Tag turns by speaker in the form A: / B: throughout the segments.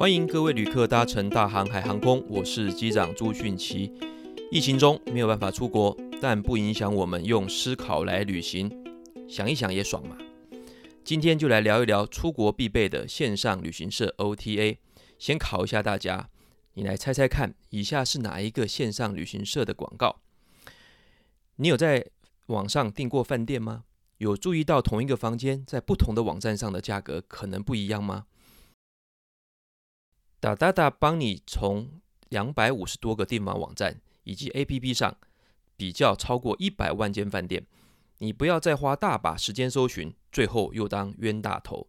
A: 歡迎各位旅客搭乘大航海航空，我是機長朱迅奇。疫情中沒有辦法出國，但不影響我們用思考來旅行，想一想也爽嘛。今天就來聊一聊出國必備的線上旅行社 OTA。先考一下大家，你來猜猜看，以下是哪一個線上旅行社的廣告？你有在網上訂過飯店嗎？有注意到同一個房間在不同的網站上的價格可能不一樣嗎？噠噠噠幫你從兩百五十多個訂房網站以及 APP 上比較超過一百萬間飯店，你不要再花大把時間搜尋，最後又當冤大頭。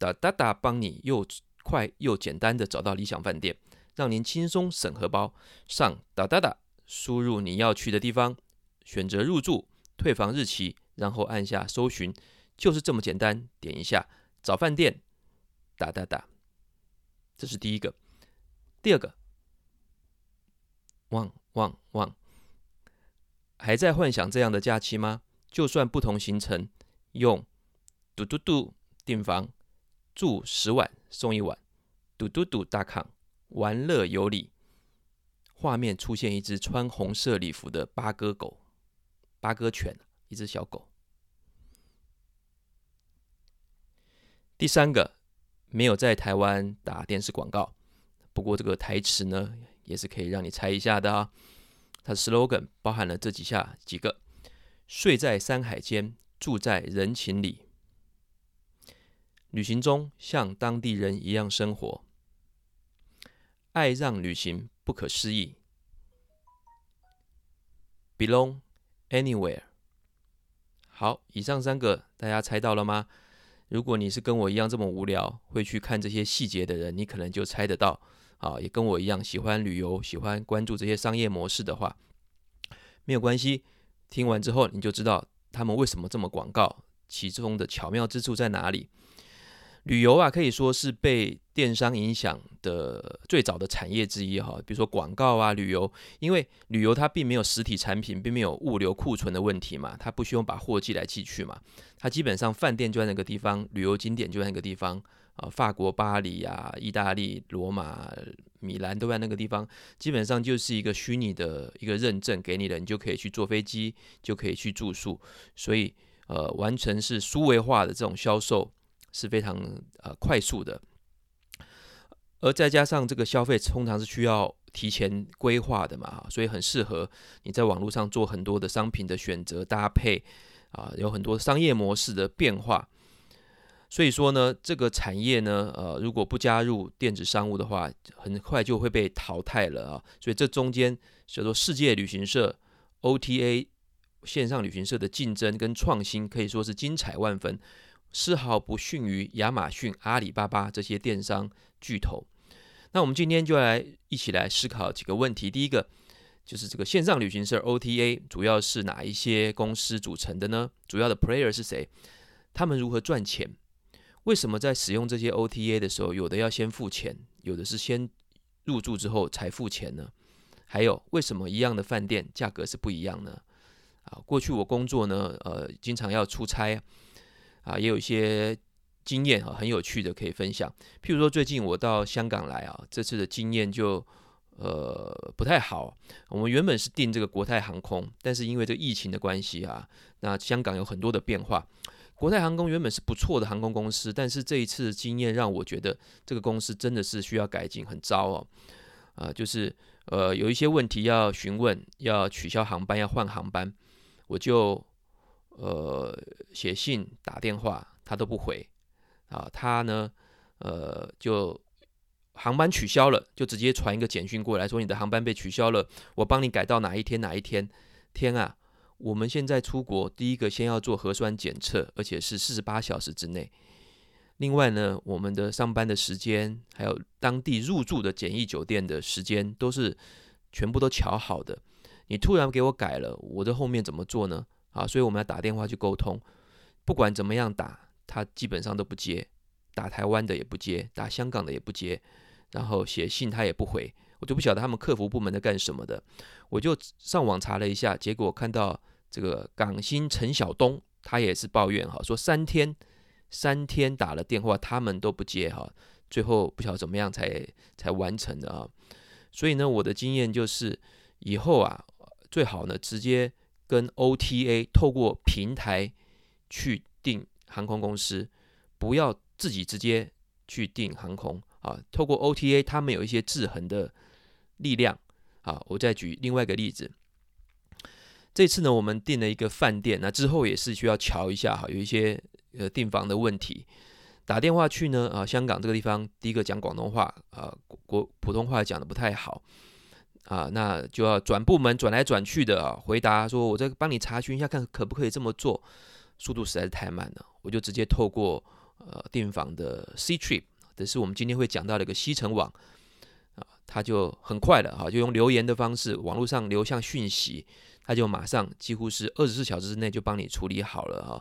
A: 噠噠噠幫你又快又簡單的找到理想飯店，讓您輕鬆省荷包。上噠噠噠，輸入你要去的地方，選擇入住、退房日期，然後按下搜尋，就是這麼簡單，點一下找飯店，噠噠噠。這是第一個，第二個，汪汪汪，還在幻想這樣的假期嗎？就算不同行程，用嘟嘟嘟訂房，住十晚送一晚，嘟嘟嘟打卡，玩樂有禮。畫面出現一隻穿紅色禮服的八哥狗，八哥犬，一隻小狗。第三個。沒有在台灣打電視廣告，不過這個台詞呢，也是可以讓你猜一下的啊。它的 slogan 包含了這幾下幾個：睡在山海間，住在人情裡；旅行中像當地人一樣生活；愛讓旅行不可思議。Belong anywhere。好，以上三個大家猜到了嗎？如果你是跟我一樣這麼無聊，會去看這些細節的人，你可能就猜得到，啊，也跟我一樣喜歡旅遊，喜歡關注這些商業模式的話，沒有關係，聽完之後你就知道他們為什麼這麼廣告，其中的巧妙之處在哪裡。旅遊啊，可以說是被電商影響的最早的產業之一哈。比如說廣告啊，旅遊，因為旅遊它並沒有實體產品，並沒有物流庫存的問題嘛，它不需要把貨寄來寄去嘛。它基本上飯店就在那個地方，旅遊景點就在那個地方啊，法國巴黎啊，意大利羅馬、米蘭都在那個地方，基本上就是一個虛擬的一個認證給你的，你就可以去坐飛機，就可以去住宿，所以呃，完全是數位化的這種銷售。是非常呃快速的，而再加上這個消費通常是需要提前規劃的嘛，所以很適合你在網絡上做很多的商品的選擇搭配啊，有很多商業模式的變化，所以說呢，這個產業呢，呃，如果不加入電子商務的話，很快就會被淘汰了啊。所以這中間，叫做世界旅行社 OTA 線上旅行社的競爭跟創新，可以說是精彩萬分。絲毫不遜於亞馬遜、阿里巴巴這些電商巨頭。那我們今天就來一起來思考幾個問題。第一個，就是這個線上旅行社 OTA 主要是哪一些公司組成的呢？主要的 player 是誰？他們如何賺錢？為什麼在使用這些 OTA 的時候，有的要先付錢，有的是先入住之後才付錢呢？還有，為什麼一樣的飯店價格是不一樣呢？啊，過去我工作呢，呃，經常要出差。啊，也有一些經驗啊，很有趣的可以分享。譬如說，最近我到香港來啊，這次的經驗就呃不太好。我們原本是訂這個國泰航空，但是因為這個疫情的關係啊，那香港有很多的變化。國泰航空原本是不錯的航空公司，但是這一次的經驗讓我覺得這個公司真的是需要改進，很糟哦。啊，就是呃有一些問題要詢問，要取消航班，要換航班，我就。呃，寫信打電話他都不回，啊，他呢，呃，就航班取消了，就直接傳一個簡訊過來說，你的航班被取消了，我幫你改到哪一天哪一天。天啊，我們現在出國第一個先要做核酸檢測，而且是四十八小時之內。另外呢，我們的上班的時間，還有當地入住的檢疫酒店的時間，都是全部都喬好的。你突然給我改了，我這後面怎麼做呢？啊，所以我們要打電話去溝通，不管怎麼樣打，他基本上都不接，打台灣的也不接，打香港的也不接，然後寫信他也不回，我就不曉得他們客服部門在幹什麼的。我就上網查了一下，結果看到這個港星陳曉東，他也是抱怨哈，說三天三天打了電話，他們都不接哈，最後不曉得怎麼樣才才完成的哈、啊。所以呢，我的經驗就是以後啊，最好呢直接。跟 OTA 透過平台去訂航空公司，不要自己直接去訂航空啊。透過 OTA，他們有一些制衡的力量啊。我再舉另外一個例子，這次呢，我們訂了一個飯店，那之後也是需要瞧一下哈，有一些呃訂房的問題，打電話去呢啊，香港這個地方第一個講廣東話啊，國普通話講得不太好。啊，那就要轉部門，轉來轉去的，啊。回答說：“我再幫你查詢一下，看可不可以這麼做。”速度實在是太慢了，我就直接透過呃訂房的 Ctrip，這是我們今天會講到的一個攜程網啊，它就很快了哈，啊，就用留言的方式，網絡上留下訊息，它就馬上幾乎是二十四小時之內就幫你處理好了哈，啊。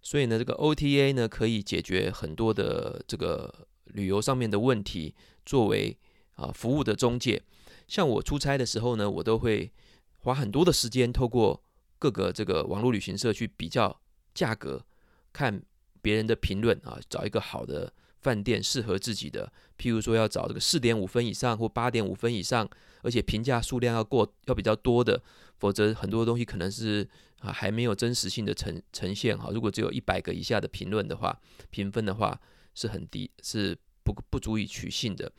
A: 所以呢，這個 OTA 呢可以解決很多的這個旅遊上面的問題，作為啊服務的中介。像我出差的時候呢，我都會花很多的時間，透過各個這個網絡旅行社去比較價格，看別人的評論啊，找一個好的飯店，適合自己的。譬如說要找這個四點五分以上或八點五分以上，而且評價數量要過要比較多的，否則很多東西可能是啊還沒有真實性的呈呈現哈。如果只有一百個以下的評論的話，評分的話是很低，是不不足以取信的。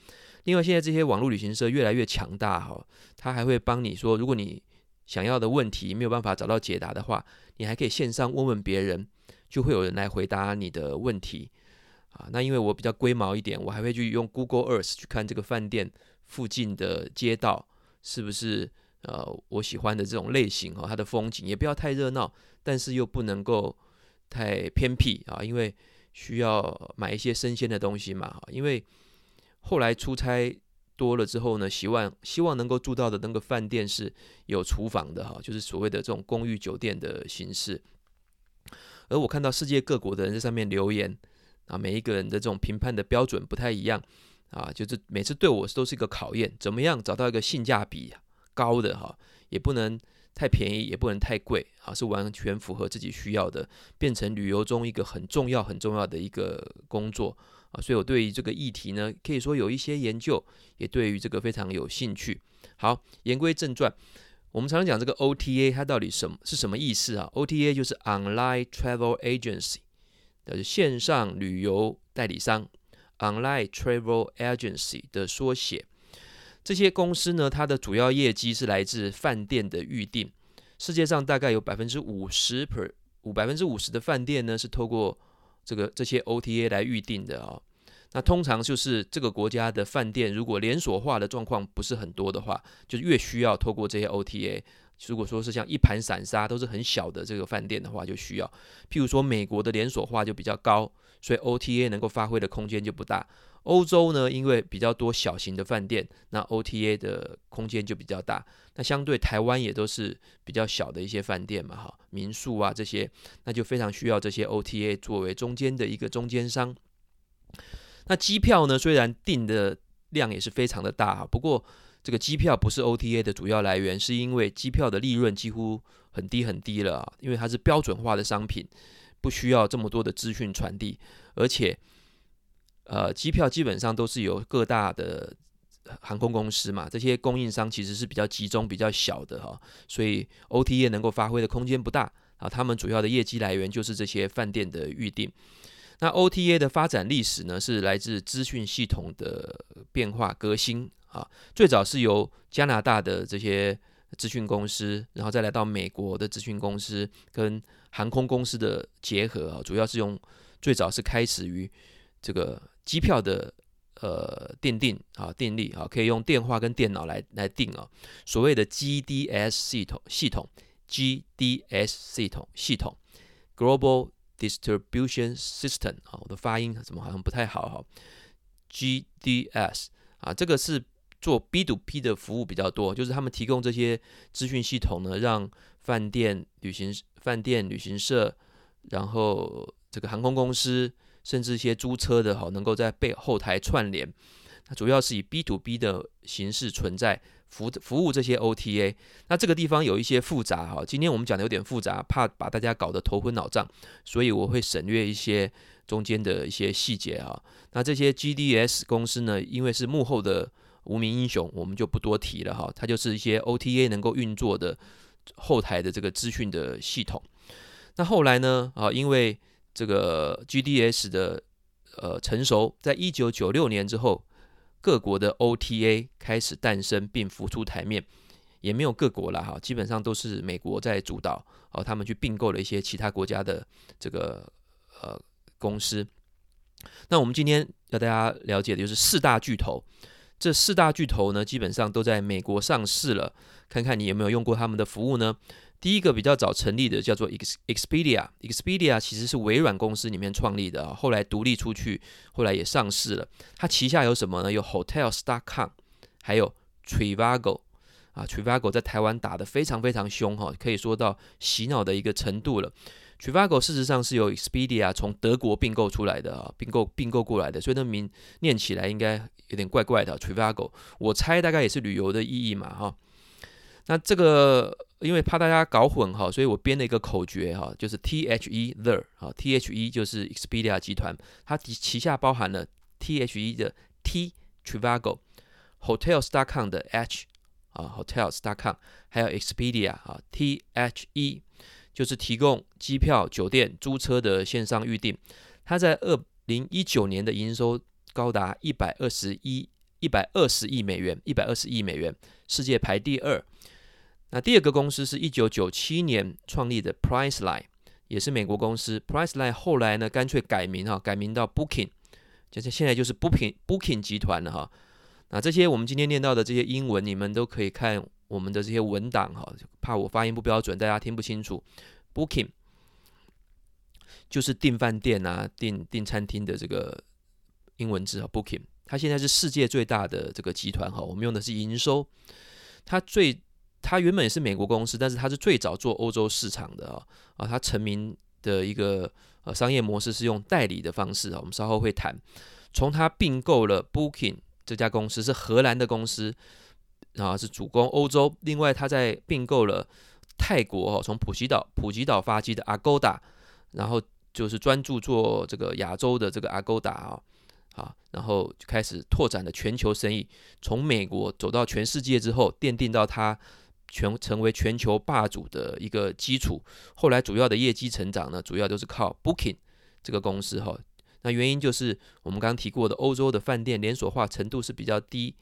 A: 另外，因為現在這些網絡旅行社越來越強大哈，他還會幫你說，如果你想要的問題沒有辦法找到解答的話，你還可以線上問問別人，就會有人來回答你的問題啊。那因為我比較龜毛一點，我還會去用 Google Earth 去看這個飯店附近的街道是不是呃我喜歡的這種類型哈，它的風景也不要太熱鬧，但是又不能夠太偏僻啊，因為需要買一些生鮮的東西嘛哈，因為。後來出差多了之後呢，希望希望能夠住到的那個飯店，是有廚房的哈，就是所謂的這種公寓酒店的形式。而我看到世界各國的人在上面留言啊，每一個人的這種評判的標準不太一樣啊，就是每次對我都是一個考驗，怎麼樣找到一個性價比高的哈，也不能太便宜，也不能太貴啊，是完全符合自己需要的，變成旅遊中一個很重要很重要的一個工作。啊，所以我對於這個議題呢，可以說有一些研究，也對於這個非常有興趣。好，言歸正傳，我們常常講這個 OTA，它到底什麼是什麼意思啊？OTA 就是 Online Travel Agency，的線上旅遊代理商，Online Travel Agency 的縮寫。這些公司呢，它的主要業績是來自飯店的預定，世界上大概有百分之五十，五百分之五十的飯店呢，是透過這個這些 OTA 來預訂的哦，那通常就是這個國家的飯店，如果連鎖化的狀況不是很多的話，就越需要透過這些 OTA。如果說是像一盤散沙都是很小的這個飯店的話，就需要。譬如說美國的連鎖化就比較高。所以 OTA 能夠發揮的空間就不大。歐洲呢，因為比較多小型的飯店，那 OTA 的空間就比較大。那相對台灣也都是比較小的一些飯店嘛，哈，民宿啊這些，那就非常需要這些 OTA 作為中間的一個中間商。那機票呢，雖然訂的量也是非常的大哈，不過這個機票不是 OTA 的主要來源，是因為機票的利潤幾乎很低很低了啊，因為它是標準化的商品。不需要這麼多的資訊傳遞，而且，呃，機票基本上都是由各大的航空公司嘛，這些供應商其實是比較集中、比較小的哈、哦，所以 OTA 能夠發揮的空間不大啊。他們主要的業績來源就是這些飯店的預定。那 OTA 的發展歷史呢，是來自資訊系統的變化革新啊。最早是由加拿大的這些資訊公司，然後再來到美國的資訊公司跟。航空公司的結合啊，主要是用最早是開始於這個機票的呃訂定啊訂立啊，可以用電話跟電腦來來定啊。所謂的 GDS 系統系統，GDS 系統系統，Global Distribution System 啊，我的發音怎麼好像不太好哈。GDS 啊，啊、這個是做 B to B 的服務比較多，就是他們提供這些資訊系統呢，讓飯店、旅行。飯店、旅行社，然後這個航空公司，甚至一些租車的哈，能夠在背後台串聯。它主要是以 B to B 的形式存在，服服務這些 OTA。那這個地方有一些複雜哈，今天我們講的有點複雜，怕把大家搞得頭昏腦脹，所以我會省略一些中間的一些細節哈。那這些 GDS 公司呢，因為是幕後的無名英雄，我們就不多提了哈。它就是一些 OTA 能夠運作的。後台的這個資訊的系統，那後來呢？啊，因為這個 GDS 的呃成熟，在一九九六年之後，各國的 OTA 開始誕生並浮出台面，也沒有各國了哈，基本上都是美國在主導，啊，他們去併購了一些其他國家的這個呃公司。那我們今天要大家了解的就是四大巨頭。這四大巨頭呢，基本上都在美國上市了。看看你有沒有用過他們的服務呢？第一個比較早成立的叫做 Expedia，Expedia 其實是微軟公司裡面創立的，後來獨立出去，後來也上市了。它旗下有什麼呢？有 Hotels.com，還有 Trivago 啊。啊，Trivago 在台灣打得非常非常凶哈，可以說到洗腦的一個程度了。Trivago 事實上是由 Expedia 從德國併購出來的啊，併購併購過來的，所以那名念起來應該有點怪怪的、啊。Trivago，我猜大概也是旅遊的意義嘛哈、啊。那這個因為怕大家搞混哈、啊，所以我編了一個口訣哈、啊，就是 T H E The 啊，T H E 就是 Expedia 集團，它旗下包含了 T H E 的 T Trivago，Hotels.com 的 H 啊，Hotels.com 還有 Expedia 啊，T H E。就是提供機票、酒店、租車的線上預訂，它在二零一九年的營收高達一百二十一一百二十億美元，一百二十億美元，世界排第二。那第二個公司是一九九七年創立的 Priceline，也是美國公司。Priceline 後來呢，乾脆改名哈，改名到 Booking，就是現在就是 Booking Booking 集團了哈。那這些我們今天念到的這些英文，你們都可以看。我們的這些文檔哈，怕我發音不標準，大家聽不清楚。Booking 就是訂飯店啊，訂訂餐廳的這個英文字哈，Booking。它現在是世界最大的這個集團哈，我們用的是營收。它最，它原本也是美國公司，但是它是最早做歐洲市場的啊啊。它成名的一個商業模式是用代理的方式啊，我們稍後會談。從它併購了 Booking 這家公司，是荷蘭的公司。然後是主攻歐洲，另外他在併購了泰國、哦、從普吉島普吉島發跡的 Agoda，然後就是專注做這個亞洲的這個 Agoda，然後就開始拓展了全球生意，從美國走到全世界之後，奠定到他全成為全球霸主的一個基礎。後來主要的業績成長呢，主要都是靠 Booking 這個公司哈、哦。那原因就是我們剛剛提過的，歐洲的飯店連鎖化程度是比較低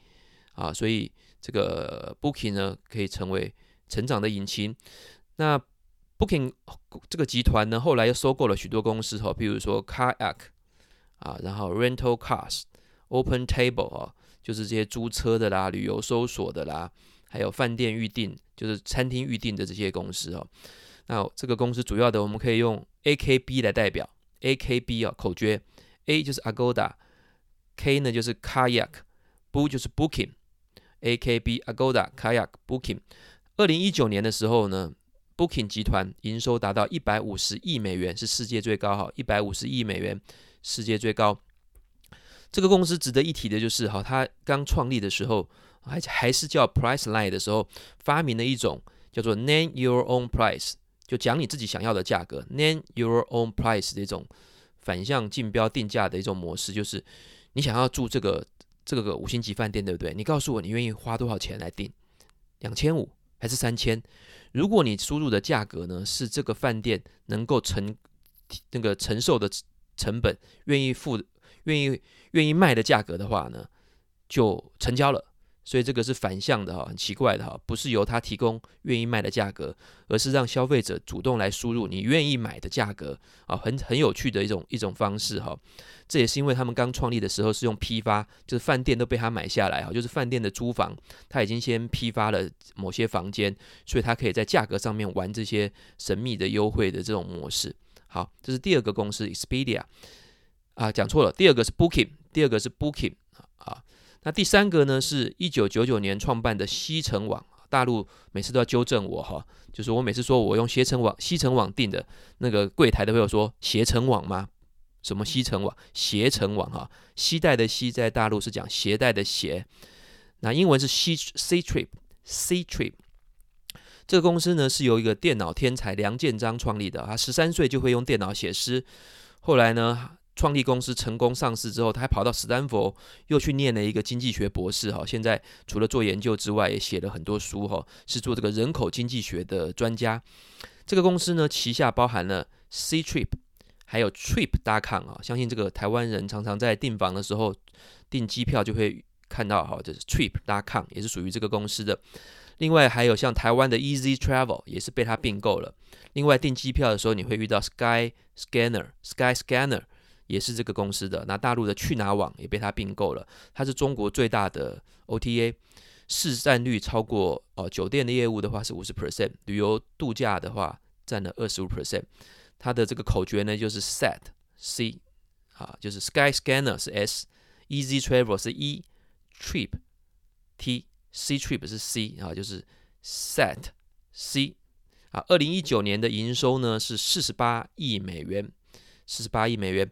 A: 啊，所以。這個 Booking 呢，可以成為成長的引擎。那 Booking 這個集團呢，後來又收購了許多公司哦，比如說 Kayak 啊，然後 Rental Cars、Open Table 哦，就是這些租車的啦、旅遊搜索的啦，還有飯店預定，就是餐廳預定的這些公司哦。那這個公司主要的，我們可以用 AKB 來代表。AKB 啊、哦，口訣 A 就是 Agoda，K 呢就是 Kayak，B 就是 Booking。A K B Agoda Kayak Booking，二零一九年的時候呢，Booking 集團營收達到一百五十億美元，是世界最高哈，一百五十億美元，世界最高。這個公司值得一提的就是哈，它剛創立的時候還是還是叫 Priceline 的時候，發明了一種叫做 Name Your Own Price，就講你自己想要的價格，Name Your Own Price 這種反向競標定價的一種模式，就是你想要住這個。這個個五星級飯店對不對？你告訴我，你願意花多少錢來訂？兩千五還是三千？如果你輸入的價格呢，是這個飯店能夠承那個承受的成本，願意付願意願意賣的價格的話呢，就成交了。所以這個是反向的哈，很奇怪的哈，不是由他提供願意賣的價格，而是讓消費者主動來輸入你願意買的價格啊，很很有趣的一種一種方式哈。這也是因為他們剛創立的時候是用批發，就是飯店都被他買下來哈，就是飯店的租房他已經先批發了某些房間，所以他可以在價格上面玩這些神秘的優惠的這種模式。好，這是第二個公司 Expedia 啊，講錯了，第二個是 Booking，第二個是 Booking 啊。那第三個呢，是一九九九年創辦的西城網。大陸每次都要糾正我哈，就是我每次說我用攜程網、西城網訂的，那個櫃檯的朋友說攜程網嗎？什麼西城網？攜程網哈，西帶的西在大陸是講攜帶的攜，那英文是 C Ctrip Ctrip。Rip, C rip, 這個公司呢是由一個電腦天才梁建章創立的啊，十三歲就會用電腦寫詩，後來呢。創立公司成功上市之後，他還跑到史丹福又去念了一個經濟學博士。哈，現在除了做研究之外，也寫了很多書。哈，是做這個人口經濟學的專家。這個公司呢，旗下包含了 Ctrip，還有 Trip.com 啊。相信這個台灣人常常在訂房的時候訂機票就會看到哈，就是 Trip.com 也是屬於這個公司的。另外還有像台灣的 Easy Travel 也是被他併購了。另外訂機票的時候你會遇到 Skyscanner，Skyscanner。Scanner, 也是這個公司的，那大陸的去哪兒網也被它併購了。它是中國最大的 OTA，市佔率超過哦、呃，酒店的業務的話是五十 percent，旅遊度假的話占了二十五 percent。它的這個口訣呢就是 Set C 啊，就是 Sky Scanner 是 S，Easy Travel 是 E，Trip T C Trip 是 C 啊，就是 Set C 啊。二零一九年的營收呢是四十八億美元，四十八億美元。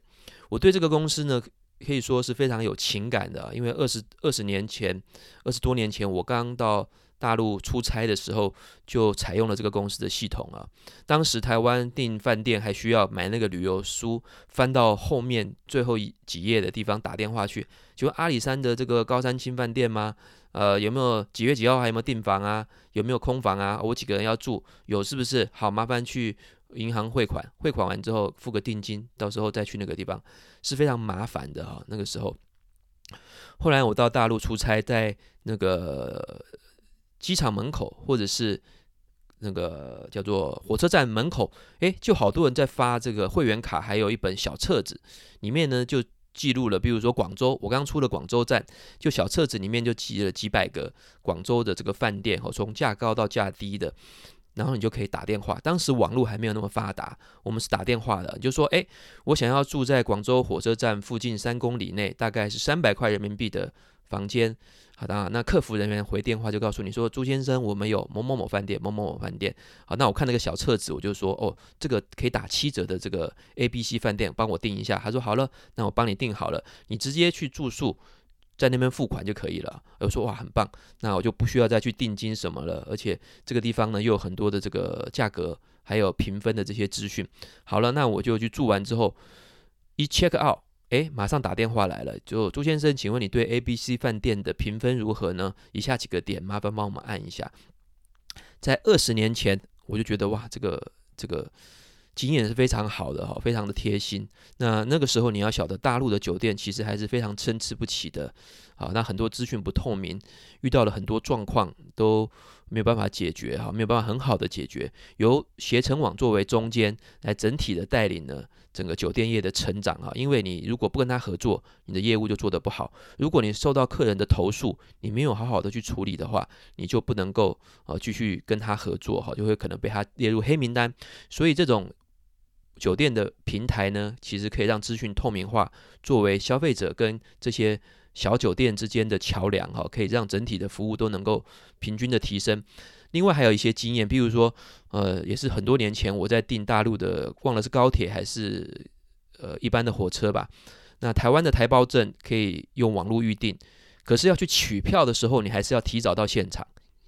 A: 我對這個公司呢，可以說是非常有情感的，因為二十二十年前，二十多年前，我剛到大陸出差的時候，就採用了這個公司的系統啊。當時台灣訂飯店還需要買那個旅遊書，翻到後面最後幾頁的地方打電話去，請問阿里山的這個高山青飯店嗎？呃，有沒有幾月幾號還有沒有訂房啊？有沒有空房啊？我幾個人要住，有是不是？好，麻煩去。銀行匯款，匯款完之後付個定金，到時候再去那個地方是非常麻煩的哈，哦。那個時候，後來我到大陸出差，在那個機場門口或者是那個叫做火車站門口，欸，就好多人在發這個會員卡，還有一本小冊子，裡面呢就記錄了，比如說廣州，我剛出了廣州站，就小冊子裡面就記了幾百個廣州的這個飯店，從價高到價低的。然後你就可以打電話。當時網絡還沒有那麼發達，我們是打電話的。你就說，哎，我想要住在廣州火車站附近三公里內，大概是三百塊人民幣的房間。好的啊，那客服人員回電話就告訴你說，朱先生，我們有某某某飯店、某某某飯店。好，那我看那個小冊子，我就說，哦，這個可以打七折的這個 ABC 飯店，幫我訂一下。他說，好了，那我幫你訂好了，你直接去住宿。在那邊付款就可以了。我說哇，很棒，那我就不需要再去定金什麼了。而且這個地方呢，又有很多的這個價格，還有評分的這些資訊。好了，那我就去住完之後一 check out，哎，馬上打電話來了，就朱先生，請問你對 ABC 飯店的評分如何呢？以下幾個點，麻煩幫我們按一下。在二十年前，我就覺得哇，這個這個。經驗是非常好的哈，非常的貼心。那那個時候你要曉得，大陸的酒店其實還是非常參差不齊的。好，那很多資訊不透明，遇到了很多狀況都沒有辦法解決哈，沒有辦法很好的解決。由攜程網作為中間來整體的帶領呢，整個酒店業的成長哈，因為你如果不跟他合作，你的業務就做得不好。如果你受到客人的投訴，你沒有好好的去處理的話，你就不能夠呃繼續跟他合作哈，就會可能被他列入黑名單。所以這種酒店的平台呢，其實可以讓資訊透明化，作為消費者跟這些。小酒店之間的橋樑哈，可以讓整體的服務都能夠平均的提升。另外還有一些經驗，比如說，呃，也是很多年前我在訂大陸的，忘了是高鐵還是呃一般的火車吧。那台灣的台胞證可以用網絡預訂，可是要去取票的時候，你還是要提早到現場，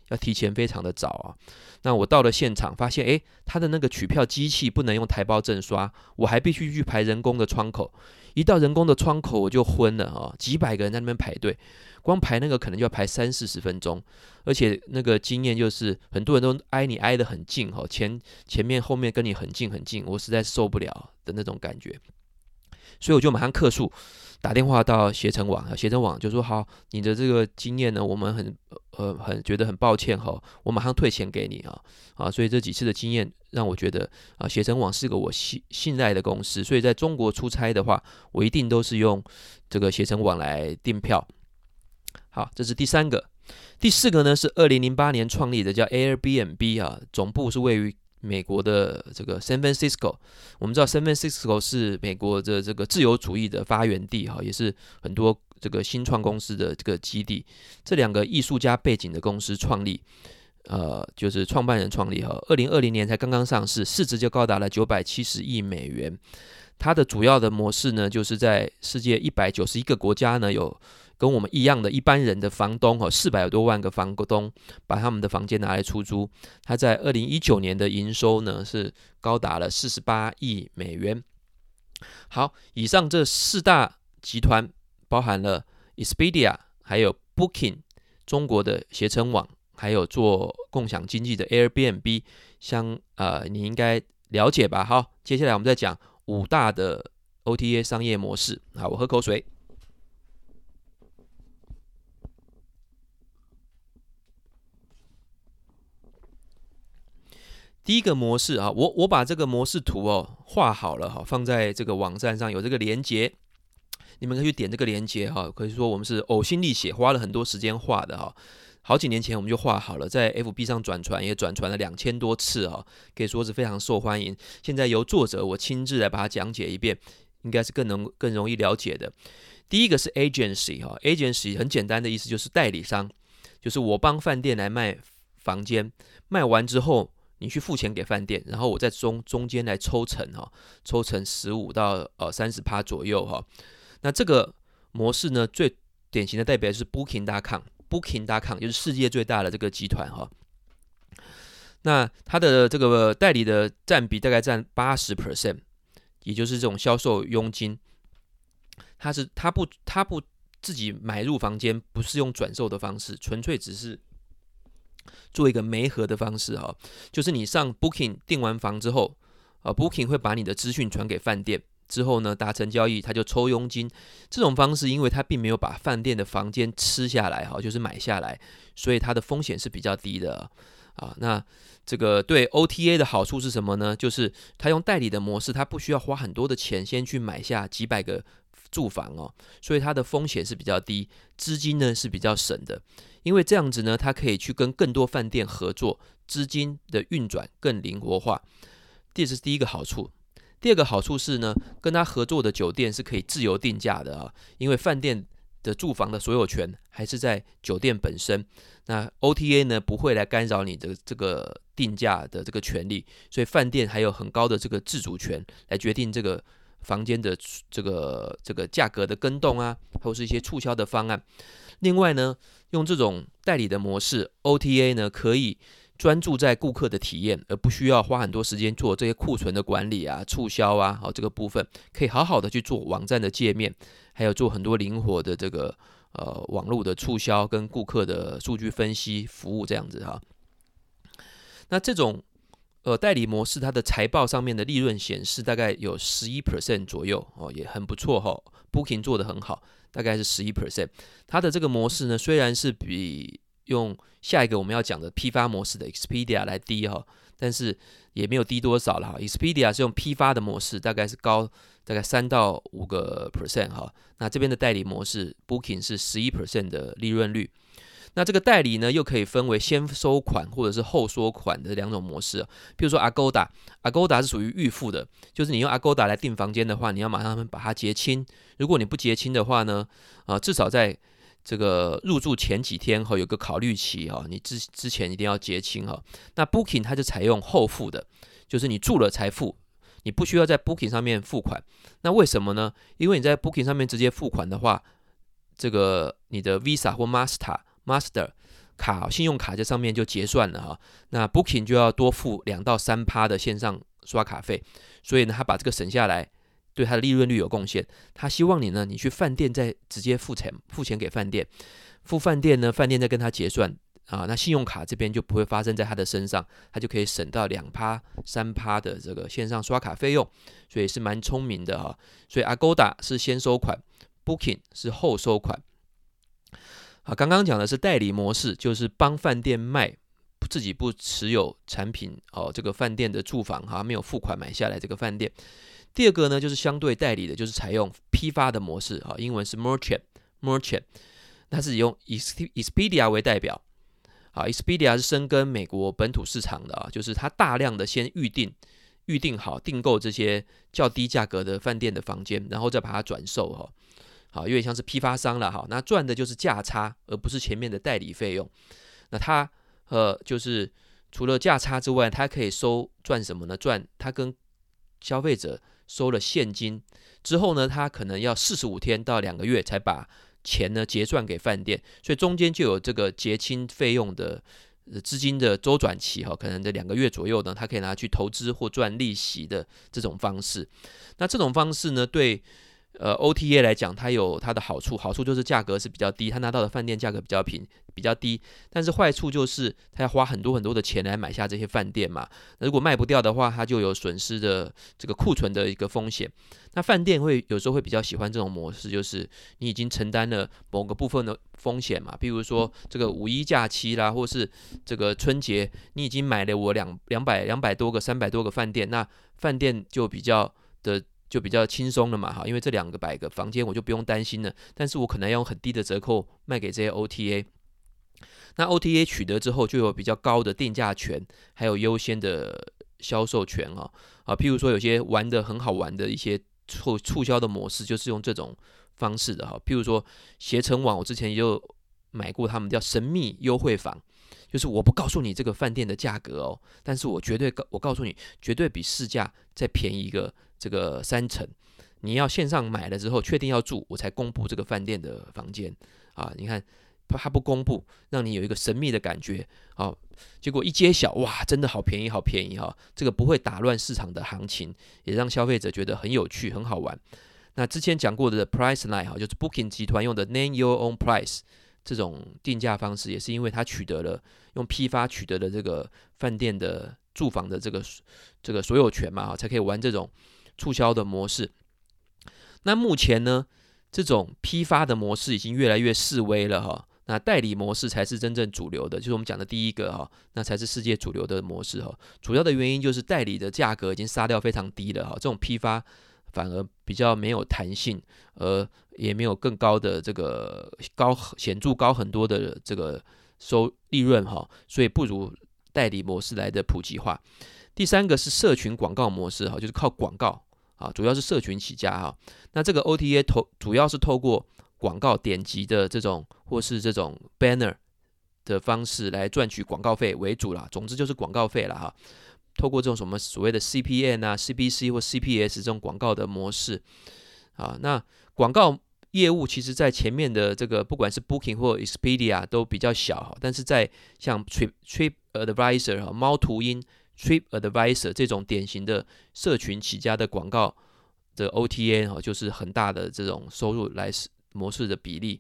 A: 要提前非常的早啊。那我到了現場發現，誒，他的那個取票機器不能用台胞證刷，我還必須去排人工的窗口。一到人工的窗口我就昏了，哦、幾百個人在那邊排隊，光排那個可能就要排三四十分鐘，而且那個經驗就是很多人都挨你挨得很近，哦、前前面後面跟你很近很近，我實在受不了的那種感覺。所以我就馬上客訴，打電話到攜程網，攜程網，啊，攜程網就說好，你的這個經驗呢，我們很呃很覺得很抱歉吼，我馬上退錢給你啊啊！所以這幾次的經驗讓我覺得啊，攜程網是個我信信賴的公司，所以在中國出差的話，我一定都是用這個攜程網來訂票。好，這是第三個，第四個呢是二零零八年創立的叫 Airbnb 啊，總部是位於。美國的這個 San Francisco，我們知道 San Francisco 是美國的這個自由主義的發源地，哈，也是很多這個新創公司的這個基地。這兩個藝術家背景的公司創立，呃，就是創辦人創立，哈，二零二零年才剛剛上市，市值就高達了九百七十億美元。它的主要的模式呢，就是在世界一百九十一個國家呢有。跟我們一樣的一般人的房東哈，四百多萬個房東把他們的房間拿來出租，他在二零一九年的營收呢是高達了四十八億美元。好，以上這四大集團包含了 Expedia，還有 Booking，中國的攜程網，還有做共享經濟的 Airbnb，像呃你應該了解吧。好，接下來我們再講五大的 OTA 商業模式。好，我喝口水。第一個模式啊，我我把這個模式圖哦畫好了哈、啊，放在這個網站上有這個連接，你們可以點這個連接哈、啊。可以說我們是嘔心瀝血，花了很多時間畫的哈、啊。好幾年前我們就畫好了，在 FB 上轉傳也轉傳了兩千多次哈、啊，可以說是非常受歡迎。現在由作者我親自來把它講解一遍，應該是更能更容易了解的。第一個是 agency 哈、啊，agency 很簡單的意思就是代理商，就是我幫飯店來賣房間，賣完之後。你去付錢給飯店，然後我在中中間來抽成哈、哦，抽成十五到呃三十趴左右哈、哦。那這個模式呢，最典型的代表是 Booking.com，Booking.com 就是世界最大的這個集團哈、哦。那它的這個代理的占比大概占八十 percent，也就是這種銷售佣金，他是他不他不自己買入房間，不是用轉售的方式，純粹只是。做一個媒合的方式哈。就是你上 Booking 訂完房之後，啊 Booking 會把你的資訊傳給飯店，之後呢達成交易，他就抽佣金。這種方式，因為他並沒有把飯店的房間吃下來哈，就是買下來，所以它的風險是比較低的啊。那這個對 OTA 的好處是什麼呢？就是他用代理的模式，他不需要花很多的錢先去買下幾百個。住房哦，所以它的風險是比較低，資金呢是比較省的，因為這樣子呢，它可以去跟更多飯店合作，資金的運轉更靈活化。這是第一個好處。第二個好處是呢，跟他合作的酒店是可以自由定價的啊哦，因為飯店的住房的所有權還是在酒店本身，那 OTA 呢不會來干擾你的這個定價的這個權利，所以飯店還有很高的這個自主權來決定這個。房間的這個這個價格的更動啊，或是一些促銷的方案。另外呢，用這種代理的模式，OTA 呢可以專注在顧客的體驗，而不需要花很多時間做這些庫存的管理啊、促銷啊、哦這個部分，可以好好的去做網站的界面，還有做很多靈活的這個呃網絡的促銷跟顧客的數據分析服務這樣子哈、啊。那這種。呃，代理模式它的財報上面的利潤顯示大概有十一 percent 左右哦，也很不錯哈。哦、Booking 做得很好，大概是十一 percent。它的這個模式呢，雖然是比用下一個我們要講的批發模式的 Expedia 來低哈、哦，但是也沒有低多少了哈。Expedia 是用批發的模式，大概是高大概三到五個 percent 哈。那這邊的代理模式 Booking 是十一 percent 的利潤率。那這個代理呢，又可以分為先收款或者是後收款的兩種模式。比如說 Agoda，Agoda Ag 是屬於預付的，就是你用 Agoda 來訂房間的話，你要馬上把它結清。如果你不結清的話呢，啊，至少在這個入住前幾天哈，有個考慮期啊，你之之前一定要結清哈、啊。那 Booking 它就採用後付的，就是你住了才付，你不需要在 Booking 上面付款。那為什麼呢？因為你在 Booking 上面直接付款的話，這個你的 Visa 或 Master。Master 卡、信用卡在上面就結算了哈、啊，那 Booking 就要多付兩到三趴的線上刷卡費，所以呢，他把這個省下來，對他的利潤率有貢獻。他希望你呢，你去飯店再直接付錢，付錢給飯店，付飯店呢，飯店再跟他結算啊。那信用卡這邊就不會發生在他的身上，他就可以省到兩趴、三趴的這個線上刷卡費用，所以是蠻聰明的哈、啊。所以 Agoda 是先收款，Booking 是後收款。啊，剛剛講的是代理模式，就是幫飯店賣，自己不持有產品哦。這個飯店的住房哈、哦，沒有付款買下來這個飯店。第二個呢，就是相對代理的，就是採用批發的模式啊、哦，英文是 merchant，merchant，它 mer 是以 e，Expedia 為代表啊，Expedia 是深耕美國本土市場的啊、哦，就是它大量的先預定，預定好訂購這些較低價格的飯店的房間，然後再把它轉售哈。哦好，有點像是批發商了哈，那賺的就是價差，而不是前面的代理費用。那他呃，就是除了價差之外，他可以收賺什麼呢？賺他跟消費者收了現金之後呢，他可能要四十五天到兩個月才把錢呢結算給飯店，所以中間就有這個結清費用的、呃、資金的週轉期哈，可能在兩個月左右呢，他可以拿去投資或賺利息的這種方式。那這種方式呢，對。呃，OTA 來講，它有它的好處，好處就是價格是比較低，他拿到的飯店價格比較平，比較低。但是壞處就是他要花很多很多的錢來買下這些飯店嘛。那如果賣不掉的話，他就有損失的這個庫存的一個風險。那飯店會有時候會比較喜歡這種模式，就是你已經承擔了某個部分的風險嘛。比如說這個五一假期啦，或是這個春節，你已經買了我兩兩百兩百多個、三百多個飯店，那飯店就比較的。就比較輕鬆了嘛，哈，因為這兩個百個房間我就不用擔心了，但是我可能要用很低的折扣賣給這些 OTA。那 OTA 取得之後，就有比較高的定價權，還有優先的銷售權啊，啊，譬如說有些玩得很好玩的一些促促銷的模式，就是用這種方式的哈，譬如說攜程網，我之前也有買過，他們叫神秘優惠房，就是我不告訴你這個飯店的價格哦，但是我絕對告我告訴你，絕對比市價再便宜一個。這個三層，你要線上買了之後，確定要住，我才公布這個飯店的房間啊。你看，他他不公布，讓你有一個神秘的感覺啊。結果一揭曉，哇，真的好便宜，好便宜哈、啊！這個不會打亂市場的行情，也讓消費者覺得很有趣、很好玩。那之前講過的 Priceline 哈，就是 Booking 集團用的 name your own price 這種定價方式，也是因為它取得了用批發取得了這個飯店的住房的這個這個所有權嘛，才可以玩這種。促銷的模式，那目前呢，這種批發的模式已經越來越式微了哈。那代理模式才是真正主流的，就是我們講的第一個哈，那才是世界主流的模式哈。主要的原因就是代理的價格已經殺掉非常低了哈，這種批發反而比較沒有彈性，呃，也沒有更高的這個高顯著高很多的這個收利潤哈，所以不如代理模式來的普及化。第三個是社群廣告模式哈，就是靠廣告。啊，主要是社群起家哈，那這個 OTA 投主要是透過廣告點擊的這種，或是這種 banner 的方式來賺取廣告費為主啦。總之就是廣告費了哈，透過這種什麼所謂的 CPN 啊、CPC 或 CPS 這種廣告的模式啊，那廣告業務其實在前面的這個不管是 Booking 或 Expedia 都比較小，但是在像 Trip, Trip Trip Advisor 貓途鷹。TripAdvisor 這種典型的社群起家的廣告的 OTA 就是很大的這種收入來模式的比例。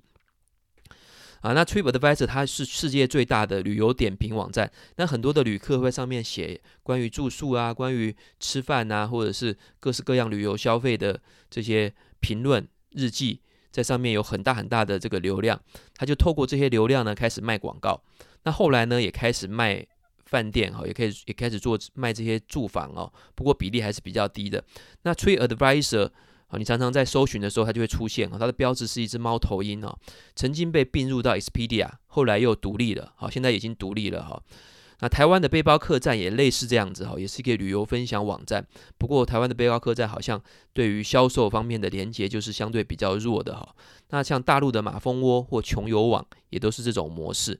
A: 啊，那 TripAdvisor 它是世界最大的旅遊點評網站，那很多的旅客會在上面寫關於住宿啊、關於吃飯啊，或者是各式各樣旅遊消費的這些評論日記，在上面有很大很大的這個流量，他就透過這些流量呢開始賣廣告，那後來呢也開始賣。飯店哈，也可以也開始做賣這些住房哦，不過比例還是比較低的。那 TripAdvisor 啊，你常常在搜尋的時候它就會出現啊，它的標誌是一隻貓頭鷹哦。曾經被併入到 Expedia，後來又獨立了好，現在已經獨立了哈。那台灣的背包客棧也類似這樣子哈，也是一個旅遊分享網站。不過台灣的背包客棧好像對於銷售方面的連接就是相對比較弱的哈。那像大陸的馬蜂窩或窮遊網也都是這種模式。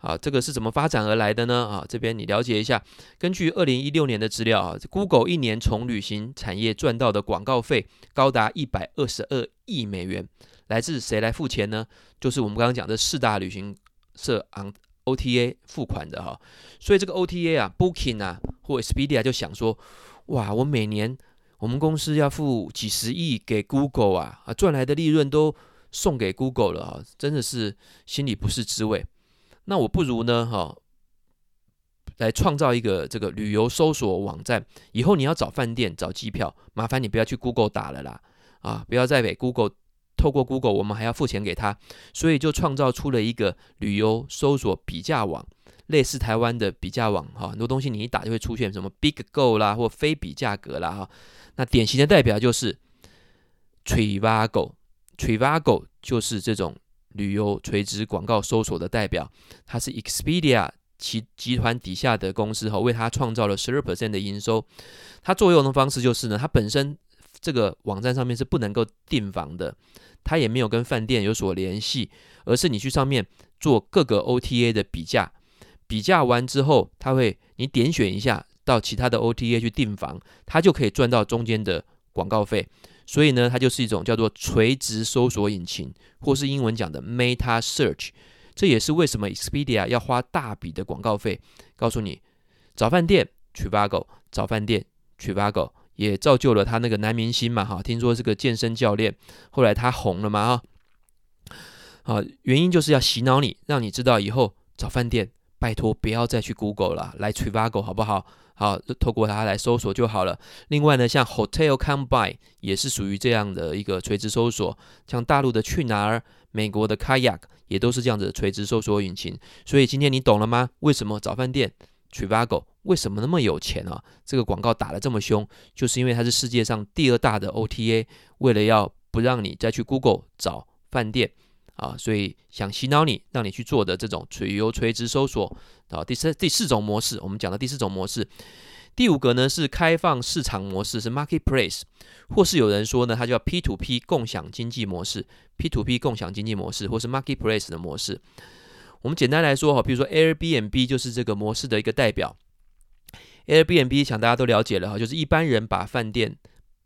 A: 啊，這個是怎麼發展而來的呢？啊，這邊你了解一下。根據二零一六年的資料啊，Google 一年從旅行產業賺到的廣告費高達一百二十二億美元。來自誰來付錢呢？就是我們剛剛講的四大旅行社昂 OTA 付款的哈、啊。所以這個 OTA 啊，Booking 啊或 Expedia 就想說，哇，我每年我們公司要付幾十億給 Google 啊，啊賺來的利潤都送給 Google 了啊，真的是心裡不是滋味。那我不如呢，哈、哦，來創造一個這個旅遊搜索網站。以後你要找飯店、找機票，麻煩你不要去 Google 打了啦，啊，不要再給 Google。透過 Google，我們還要付錢給他，所以就創造出了一個旅遊搜索比價網，類似台灣的比價網哈。很多東西你一打就會出現什麼 BigGo 啦，或非比價格啦哈。那典型的代表就是 Trivago，Trivago 就是這種。旅遊垂直廣告搜索的代表，它是 Expedia 其集團底下的公司哈，為它創造了十二 percent 的營收。它作用的方式就是呢，它本身這個網站上面是不能夠訂房的，它也沒有跟飯店有所聯繫，而是你去上面做各個 OTA 的比價，比價完之後，它會你點選一下到其他的 OTA 去訂房，它就可以賺到中間的廣告費。所以呢，它就是一種叫做垂直搜索引擎，或是英文講的 Meta Search。這也是為什麼 Expedia 要花大筆的廣告費，告訴你找飯店 Trivago，找飯店 Trivago，也造就了他那個男明星嘛哈，聽說是個健身教練，後來他紅了嘛哈。好，啊，原因就是要洗腦你，讓你知道以後找飯店，拜托不要再去 Google 了，來 Trivago 好不好？好，透過它來搜索就好了。另外呢，像 HotelsCombined 也是屬於這樣的一個垂直搜索，像大陸的去哪兒，美國的 Kayak 也都是這樣子垂直搜索引擎。所以今天你懂了嗎？為什麼找飯店？Trivago 為什麼那麼有錢啊？這個廣告打得這麼兇，就是因為它是世界上第二大的 OTA，為了要不讓你再去 Google 找飯店。啊，所以想洗腦你，讓你去做的這種垂直垂直搜索啊，第三第四種模式，我們講的第四種模式，第五個呢是開放市場模式，是 marketplace，或是有人說呢，它叫 P to P 共享經濟模式，P to P 共享經濟模式或是 marketplace 的模式。我們簡單來說哈，譬如說 Airbnb 就是這個模式的一個代表。Airbnb，想大家都了解了哈，就是一般人把飯店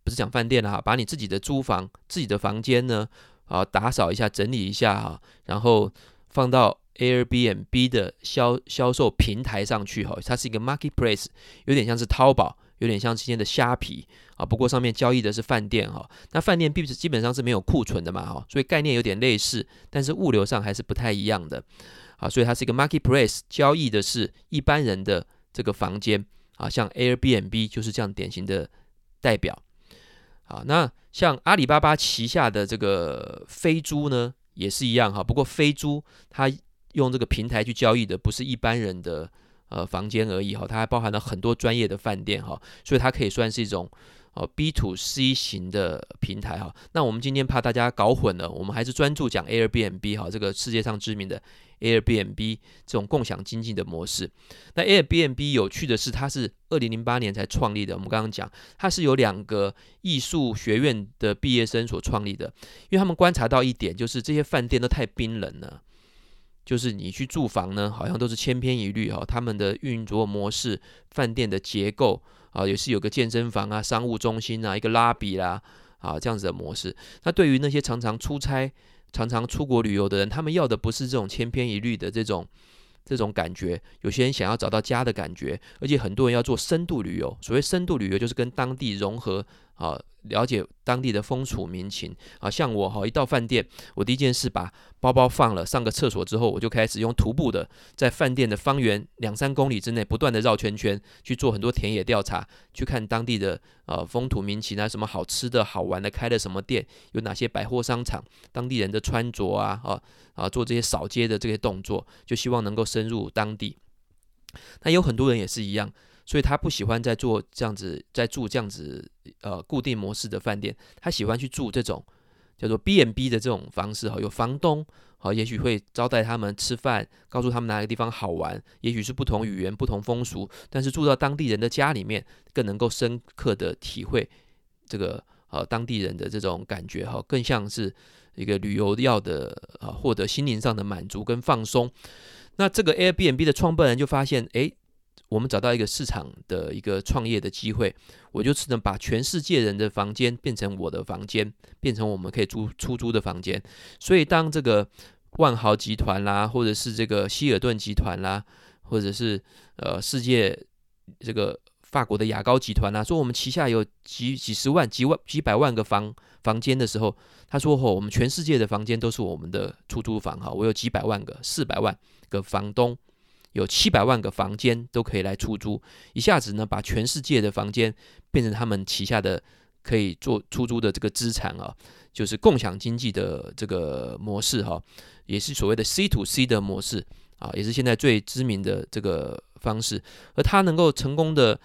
A: 不是講飯店了哈，把你自己的租房自己的房間呢。啊，打掃一下，整理一下哈，然後放到 Airbnb 的銷銷售平台上去哈。它是一個 marketplace，有點像是淘寶，有點像今天的蝦皮啊。不過上面交易的是飯店哈。那飯店並是基本上是沒有庫存的嘛哈，所以概念有點類似，但是物流上還是不太一樣的啊。所以它是一個 marketplace，交易的是一般人的這個房間啊。像 Airbnb 就是這樣典型的代表。好，那。像阿里巴巴旗下的這個飛豬呢，也是一樣哈。不過飛豬它用這個平台去交易的，不是一般人的呃房間而已哈，它還包含了很多專業的飯店哈，所以它可以算是一種。哦，B to C 型的平台哈，那我們今天怕大家搞混了，我們還是專注講 Airbnb 哈，這個世界上知名的 Airbnb 這種共享經濟的模式。那 Airbnb 有趣的是，它是二零零八年才創立的。我們剛剛講，它是由兩個藝術學院的畢業生所創立的，因為他們觀察到一點，就是這些飯店都太冰冷了。就是你去住房呢，好像都是千篇一律哦，他們的運作模式、飯店的結構啊，也是有個健身房啊、商務中心啊、一個 lobby 啊，啊這樣子的模式。那對於那些常常出差、常常出國旅遊的人，他們要的不是這種千篇一律的這種這種感覺。有些人想要找到家的感覺，而且很多人要做深度旅遊。所謂深度旅遊，就是跟當地融合啊。了解當地的風土民情啊，像我哈，一到飯店，我第一件事把包包放了，上個廁所之後，我就開始用徒步的，在飯店的方圓兩三公里之內不斷的繞圈圈，去做很多田野調查，去看當地的呃、啊、風土民情啊，什麼好吃的好玩的，開了什麼店，有哪些百貨商場，當地人的穿着啊啊啊，做這些掃街的這些動作，就希望能夠深入當地。那有很多人也是一樣。所以他不喜歡在做這樣子，在住這樣子，呃，固定模式的飯店，他喜歡去住這種叫做 B and B 的這種方式。哈、哦，有房東，好、哦，也許會招待他們吃飯，告訴他們哪個地方好玩，也許是不同語言、不同風俗，但是住到當地人的家裡面，更能夠深刻的體會這個呃、哦、當地人的這種感覺。哈、哦，更像是一個旅遊要的，呃、哦，獲得心靈上的滿足跟放鬆。那這個 Airbnb 的創辦人就發現，哎。我們找到一個市場的一個創業的機會，我就是能把全世界人的房間變成我的房間，變成我們可以租出租的房間。所以當這個萬豪集團啦、啊，或者是這個希爾頓集團啦、啊，或者是呃世界這個法國的雅高集團啦、啊，說我們旗下有幾幾十萬、幾萬、幾百萬個房房間的時候，他說吼，我們全世界的房間都是我們的出租房哈，我有幾百萬個、四百萬個房東。有七百萬個房間都可以來出租，一下子呢把全世界的房間變成他們旗下的可以做出租的這個資產啊，就是共享經濟的這個模式哈，也是所謂的 C to C 的模式啊，也是現在最知名的這個方式。而它能夠成功的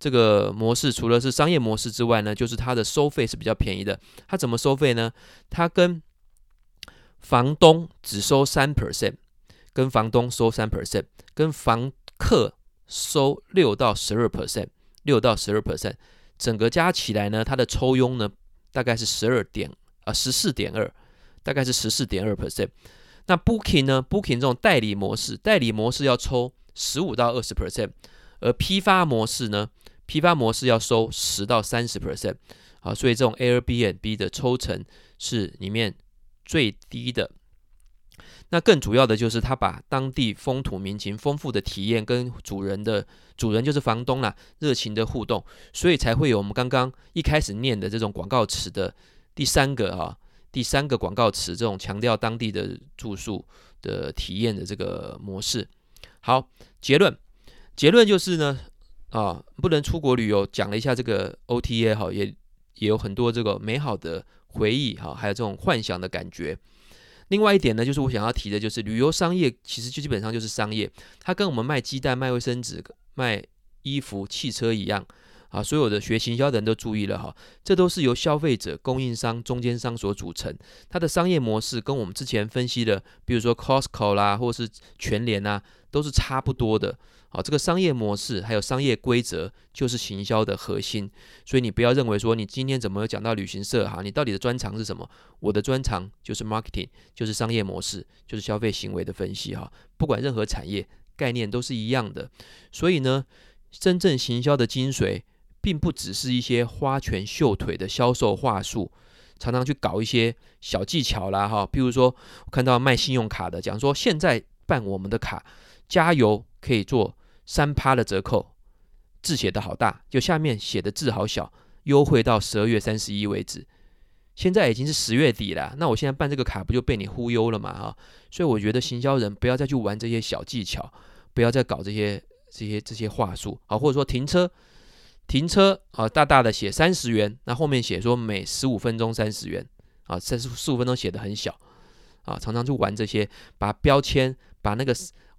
A: 這個模式，除了是商業模式之外呢，就是它的收費是比較便宜的。它怎麼收費呢？它跟房東只收三 percent。跟房東收三 percent，跟房客收六到十二 percent，六到十二 percent，整個加起來呢，它的抽佣呢大概是十二點啊十四點二，大概是十四點二 percent、呃。那 Booking 呢，Booking 這種代理模式，代理模式要抽十五到二十 percent，而批发模式呢，批发模式要收十到三十 percent，啊，所以這種 Airbnb 的抽成是裡面最低的。那更主要的就是他把當地風土民情，豐富的體驗跟主人的主人就是房東啦、啊、熱情的互動，所以才會有我們剛剛一開始念的這種廣告詞的第三個，啊，第三個廣告詞，這種強調當地的住宿的體驗的這個模式。好，結論，結論就是呢，啊，不能出國旅遊。講了一下這個 OTA 哈，也也有很多這個美好的回憶哈，還有這種幻想的感覺。另外一點呢，就是我想要提的，就是旅遊商業其實就基本上就是商業，它跟我們賣雞蛋、賣衛生紙、賣衣服、汽車一樣，啊，所有的學行銷的人都注意了哈，這都是由消費者、供應商、中間商所組成，它的商業模式跟我們之前分析的，比如說 Costco 啦，或是全聯啊，都是差不多的。好，這個商業模式還有商業規則就是行銷的核心，所以你不要認為說你今天怎麼講到旅行社哈，你到底的專長是什麼？我的專長就是 marketing，就是商業模式，就是消費行為的分析哈。不管任何產業概念都是一樣的，所以呢，真正行銷的精髓並不只是一些花拳繡腿的銷售話術，常常去搞一些小技巧啦哈。比如說我看到賣信用卡的講說，現在辦我們的卡，加油，可以做三趴的折扣，字寫得好大，就下面寫的字好小，優惠到十二月三十一為止。現在已經是十月底了，那我現在辦這個卡不就被你忽悠了嘛？哈、啊，所以我覺得行銷人不要再去玩這些小技巧，不要再搞這些這些這些話術啊，或者說停車停車啊，大大的寫三十元，那後面寫說每十五分鐘三十元啊，三十五分鐘寫得很小啊，常常就玩這些，把標籤把那個。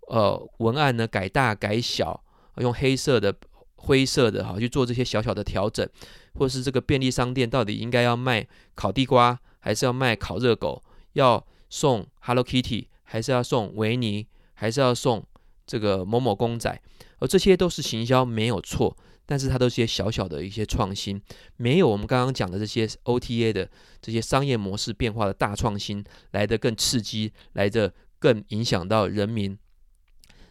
A: 呃，文案呢改大改小，用黑色的、灰色的哈去做這些小小的調整，或是這個便利商店到底應該要賣烤地瓜，還是要賣烤熱狗？要送 Hello Kitty，還是要送維尼，還是要送這個某某公仔？而這些都是行銷沒有錯，但是它都是一些小小的一些創新，沒有我們剛剛講的這些 OTA 的這些商業模式變化的大創新來得更刺激，來得更影響到人民。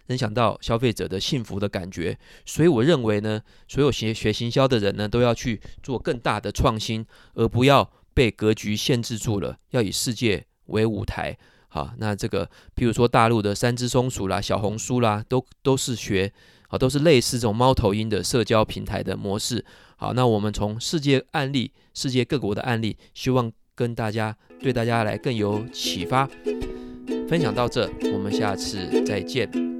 A: 能想到消費者的幸福的感覺，所以我認為呢，所有學學行銷的人呢，都要去做更大的創新，而不要被格局限制住了，要以世界為舞台。好，那這個，譬如說大陸的三只松鼠啦、小紅書啦，都都是學，啊，都是類似這種貓頭鷹的社交平台的模式。好，那我們從世界案例、世界各國的案例，希望跟大家對大家來更有啟發。分享到這，我們下次再見。